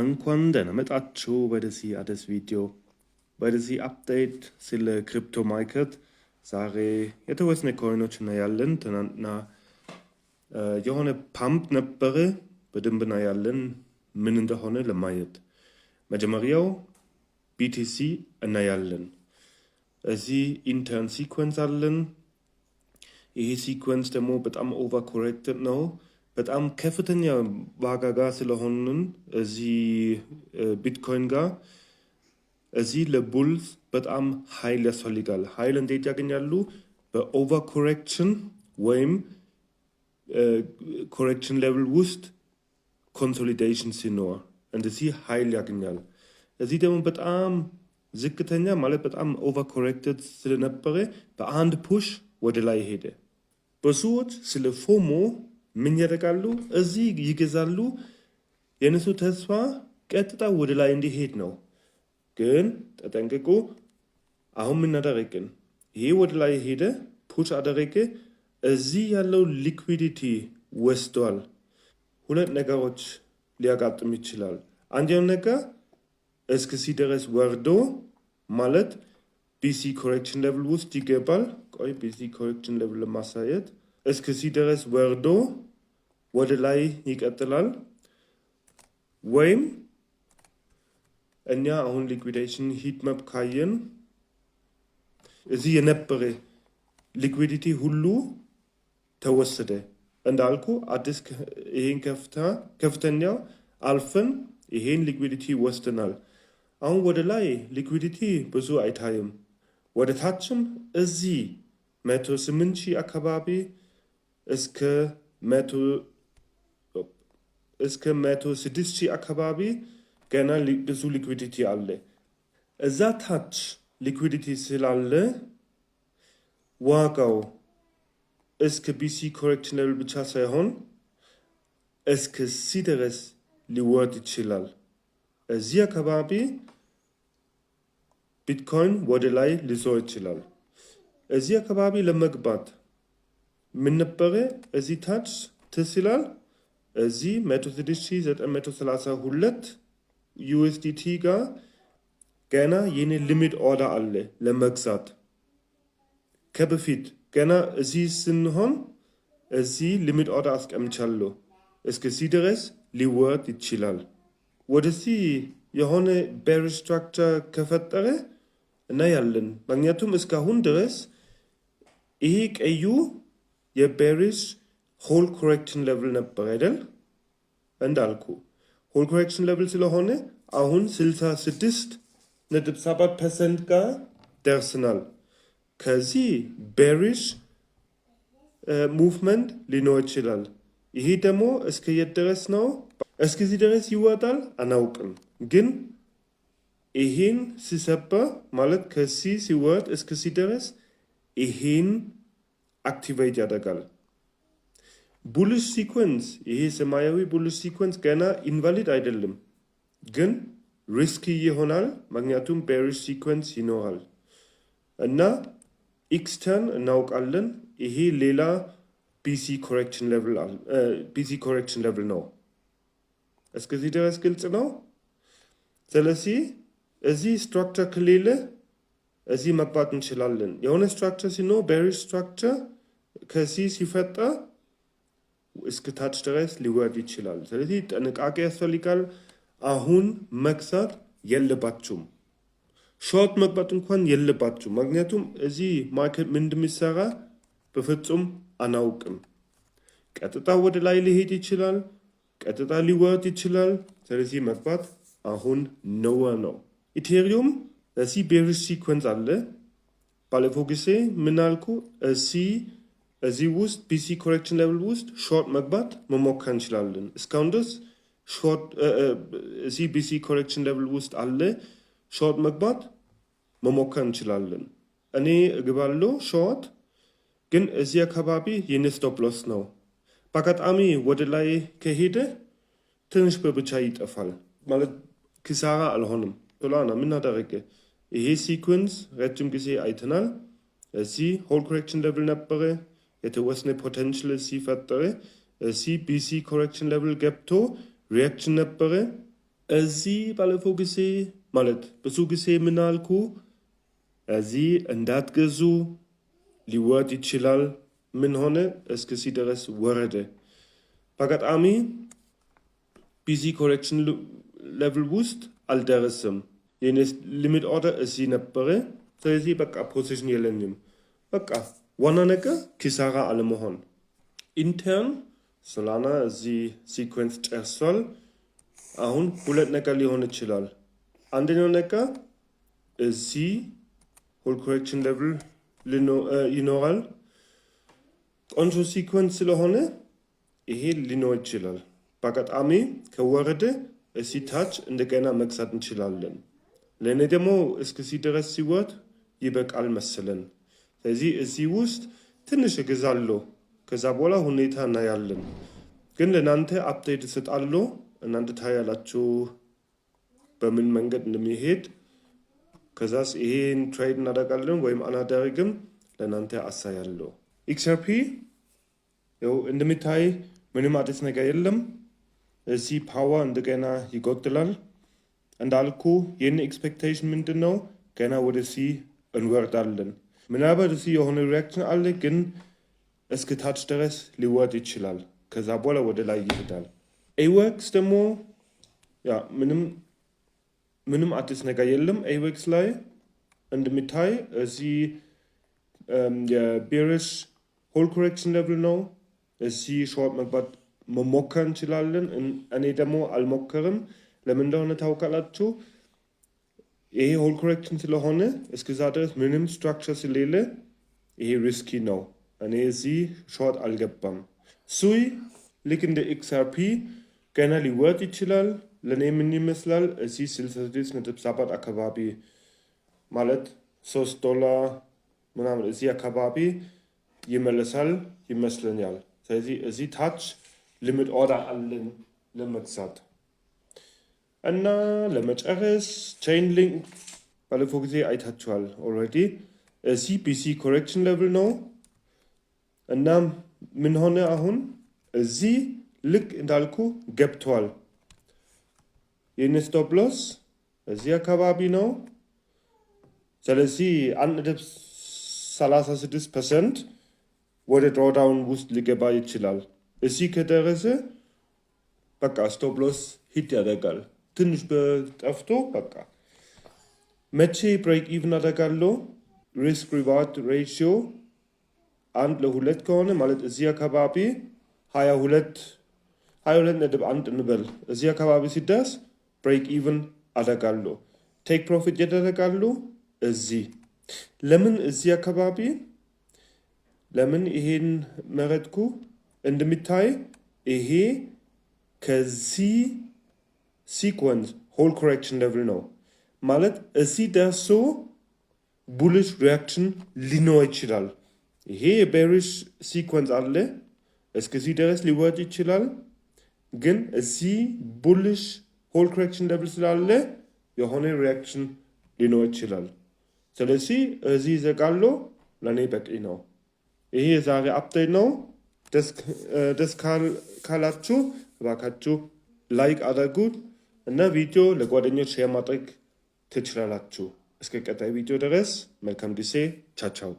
እንኳን ደህና መጣችሁ ወደዚህ አዲስ ቪዲዮ። ወደዚህ አፕዴት ስለ ክሪፕቶ ማርኬት ዛሬ የተወሰነ ኮይኖች እናያለን። ትናንትና የሆነ ፓምፕ ነበረ፣ በደንብ እናያለን ምን እንደሆነ ለማየት። መጀመሪያው ቢቲሲ እናያለን። እዚህ ኢንተርን ሲኩዌንስ አለን። ይሄ ሲኩዌንስ ደግሞ በጣም ኦቨር ኮሬክትድ ነው። በጣም ከፍተኛ ዋጋ ጋር ስለሆንን እዚህ ቢትኮይን ጋር እዚህ ለቡልስ በጣም ሀይል ያስፈልጋል። ሀይል እንዴት ያገኛሉ? በኦቨር ኮሬክሽን ወይም ኮሬክሽን ሌቭል ውስጥ ኮንሶሊዴሽን ሲኖር እንደዚህ ሀይል ያገኛል። እዚህ ደግሞ በጣም ዝቅተኛ ማለት በጣም ኦቨር ኮሬክትድ ስለነበረ በአንድ ፑሽ ወደ ላይ ሄደ። ብዙዎች ስለ ፎሞ ምን ያደርጋሉ? እዚህ ይገዛሉ። የእነሱ ተስፋ ቀጥታ ወደ ላይ እንዲሄድ ነው። ግን ተጠንቅቁ። አሁን ምን አደረግን? ይሄ ወደ ላይ ሄደ፣ ፑሽ አደረገ። እዚህ ያለው ሊኩዊዲቲ ወስዷል። ሁለት ነገሮች ሊያጋጥም ይችላል። አንደኛው ነገር እስከ ሲደረስ ወርዶ ማለት ቢሲ ኮሬክሽን ሌቭል ውስጥ ይገባል። ቆይ ቢሲ ኮሬክሽን ሌቭል ለማሳየት እስከ ሲደረስ ወርዶ ወደ ላይ ይቀጥላል። ወይም እኛ አሁን ሊኩዊዴሽን ሂት ማፕ ካየን እዚህ የነበረ ሊኩዊዲቲ ሁሉ ተወሰደ። እንዳልኩ አዲስ ይሄን ከፍተኛ አልፈን ይሄን ሊኩዊዲቲ ወስደናል። አሁን ወደ ላይ ሊኩዊዲቲ ብዙ አይታይም። ወደ ታችም እዚህ መቶ ስምንት ሺህ አካባቢ እስከ መቶ እስከ 106 ሺህ አካባቢ ገና ብዙ ሊኩዊዲቲ አለ። እዛ ታች ሊኩዊዲቲ ስላለ ዋጋው እስከ ቢሲ ኮሬክሽን ሌቭል ብቻ ሳይሆን እስከ ሲ ድረስ ሊወርድ ይችላል። እዚህ አካባቢ ቢትኮይን ወደ ላይ ሊዞ ይችላል። እዚህ አካባቢ ለመግባት ምን ነበረ? እዚህ ታች ትስ ይላል። እዚህ 16,932 ዩኤስዲቲ ጋር ገና የኔ ሊሚት ኦርደር አለ ለመግዛት ከበፊት ገና እዚህ ስንሆን እዚህ ሊሚት ኦርደር አስቀምቻለሁ። እስከዚህ ድረስ ሊወርድ ይችላል። ወደዚህ የሆነ ቤር ስትራክቸር ከፈጠረ እናያለን። ምክንያቱም እስካሁን ድረስ ይሄ ቀዩ የቤሪስ ሆል ኮሬክሽን ሌቭል ነበር አይደል? እንዳልኩ ሆል ኮሬክሽን ሌቭል ስለሆነ አሁን 66 ነጥብ 7 ፐርሰንት ጋር ደርስናል። ከዚህ ቤሪሽ ሙቭመንት uh, ሊኖር ይችላል። ይሄ ደግሞ እስከ የት ድረስ ነው? እስከዚህ ድረስ ይወጣል አናውቅም። ግን ይሄን ሲሰባ ማለት ከዚህ ሲወርድ እስከዚህ ድረስ ይሄን አክቲቬት ያደርጋል። ቡልሽ ሲኮንስ ይሄ ሰማያዊ ቡልሽ ሲኮንስ ገና ኢንቫሊድ አይደለም፣ ግን ሪስኪ ይሆናል። ምክንያቱም ቤሪሽ ሲኮንስ ይኖራል እና ኢክስተርን እናውቃለን። ይሄ ሌላ ቢሲ ኮሬክሽን ሌቭል ነው። እስከዚህ ድረስ ግልጽ ነው። ስለዚህ እዚህ ስትራክቸር ከሌለ እዚህ መግባት እንችላለን። የሆነ ስትራክቸር ሲኖር ቤሪሽ ስትራክቸር ከዚህ ሲፈጠር እስክታች ድረስ ሊወርድ ይችላል። ስለዚህ ጥንቃቄ ያስፈልጋል። አሁን መግዛት የለባችሁም። ሾርት መግባት እንኳን የለባችሁ። ምክንያቱም እዚህ ማርኬት ምን እንደሚሰራ በፍጹም አናውቅም። ቀጥታ ወደ ላይ ሊሄድ ይችላል፣ ቀጥታ ሊወርድ ይችላል። ስለዚህ መግባት አሁን ነወ ነው። ኢቴሪየም እዚህ ቤሪሽ ሲኮንስ አለ። ባለፈው ጊዜ ምን አልኩ? እዚህ እዚህ ውስጥ ቢሲ ኮሬክሽን ሌቭል ውስጥ ሾርት መግባት መሞከር እንችላለን። እስካሁን ድረስ እዚህ ቢሲ ኮሬክሽን ሌቭል ውስጥ አለ። ሾርት መግባት መሞከር እንችላለን። እኔ እግባለሁ ሾርት፣ ግን እዚህ አካባቢ የኔ ስቶፕ ሎስ ነው። በአጋጣሚ ወደ ላይ ከሄደ ትንሽ በብቻ ይጠፋል ማለት ኪሳራ አልሆንም። ቶላና ምን አደረገ? ይሄ ሲኩንስ ረጅም ጊዜ አይተናል። እዚህ ሆል ኮሬክሽን ሌቭል ነበረ። የተወሰነ ፖቴንሽል ሲፈጠረ ሲቢሲ ኮሬክሽን ሌቭል ገብቶ ሪያክሽን ነበረ። እዚህ ባለፈው ጊዜ ማለት ብዙ ጊዜ ምናልኩ እዚህ እንዳትገዙ ሊወርድ ይችላል። ምን ሆነ? እስከዚህ ድረስ ወረደ። በአጋጣሚ ቢሲ ኮሬክሽን ሌቭል ውስጥ አልደረስም። የኔ ሊሚት ኦርደር እዚህ ነበረ። ስለዚህ በቃ ፖዚሽን የለንም በቃ ዋና ነገር ኪሳራ አለመሆን። ኢንተርን ሶላና እዚህ ሲኩዌንስ ጨርሷል። አሁን ሁለት ነገር ሊሆን ይችላል። አንደኛው ነገር እዚህ ሆል ኮሬክሽን ሌቭል ይኖራል። ቆንጆ ሲኩዌንስ ስለሆነ ይሄ ሊኖር ይችላል። በአጋጣሚ ከወረደ እሲ ታች እንደገና መግዛት እንችላለን። ለእኔ ደግሞ እስከዚህ ድረስ ሲወት ይበቃል መሰለን። ስለዚህ እዚህ ውስጥ ትንሽ እገዛለሁ፣ ከዛ በኋላ ሁኔታ እናያለን። ግን ለእናንተ አፕዴት እሰጣለሁ፣ እናንተ ታያላችሁ በምን መንገድ እንደሚሄድ። ከዛስ ይሄን ትሬድ እናደርጋለን ወይም አናደርግም፣ ለእናንተ አሳያለሁ። ኤክስአርፒ ያው እንደሚታይ ምንም አዲስ ነገር የለም። እዚህ ፓወር እንደገና ይጎድላል። እንዳልኩ ይህን ኤክስፔክቴሽን ምንድን ነው? ገና ወደዚህ እንወርዳለን። ምናልባት እዚ የሆነ ሪያክሽን አለ፣ ግን እስከ ታች ድረስ ሊወርድ ይችላል። ከዛ በኋላ ወደ ላይ ይሄዳል። ኤወርክስ ደግሞ ያ ምንም ምንም አዲስ የለም። ኤወርክስ ላይ እንደሚታይ እዚህ የቤሪሽ ሆል ኮሬክሽን ሌቭል ነው። እዚህ ሾርት መግባት መሞከር እንችላለን። እኔ ደግሞ አልሞከርም። ለምን እንደሆነ ታውቃላችሁ። ይሄ ሆል ኮሬክሽን ስለሆነ እስከዛ ድረስ ምንም ስትራክቸር ስለሌለ ይሄ ሪስኪ ነው። እኔ እዚህ ሾርት አልገባም። ሱይ ልክ እንደ ኤክስአርፒ ገና ሊወጥ ይችላል። ለእኔ ምን ይመስላል እዚህ ስልሳ ነጥብ ሰባት አካባቢ ማለት ሶስት ዶላር ምናምን እዚህ አካባቢ ይመለሳል ይመስለኛል። ስለዚህ እዚህ ታች ሊሚት ኦርደር አለን ለመግዛት እና ለመጨረስ ቼይን ሊንክ ባለፈው ጊዜ አይታችኋል ኦልሬዲ። ሲፒሲ ኮሬክሽን ሌቭል ነው። እና ምን ሆነ አሁን እዚህ ልክ እንዳልኩ ገብተዋል ይህን ስቶፕ ሎስ እዚህ አካባቢ ነው። ስለዚህ አንድ ነጥብ 36 ፐርሰንት ወደ ድሮዳውን ውስጥ ሊገባ ይችላል። እዚህ ከደረሰ በቃ ስቶፕ ሎስ ሂት ያደርጋል። ትንሽ በጠፍቶ በቃ መቼ ብሬክ ኢቭን አደርጋለሁ? ሪስክ ሪዋርድ ሬሽዮ አንድ ለሁለት ከሆነ ማለት እዚህ አካባቢ ሀያ ሁለት ሀያ ሁለት ነጥብ አንድ እንበል እዚህ አካባቢ ሲደርስ ብሬክ ኢቭን አደርጋለሁ። ቴክ ፕሮፊት ያደረጋሉ እዚህ ለምን እዚህ አካባቢ ለምን ይሄን መረጥኩ? እንደሚታይ ይሄ ከዚህ ሲኮንስ ሆል ኮሬክሽን ሌቭል ነው ማለት እዚህ ደርሶ ቡልሽ ሪያክሽን ሊኖር ይችላል። ይሄ የቤሪሽ ሲኮንስ አለ እስከዚህ ድረስ ሊወጥ ይችላል። ግን እዚህ ቡልሽ ሆል ኮሬክሽን ሌቭል ስላለ የሆነ ሪያክሽን ሊኖር ይችላል። ስለዚህ እዚህ ዘቃሎ ለእኔ በቂ ነው። ይሄ የዛሬ አፕዴት ነው። ደስ ካላችሁ እባካችሁ ላይክ አድርጉት። እና ቪዲዮ ለጓደኞች ሼር ማድረግ ትችላላችሁ። እስከ ቀጣይ ቪዲዮ ድረስ መልካም ጊዜ። ቻቻው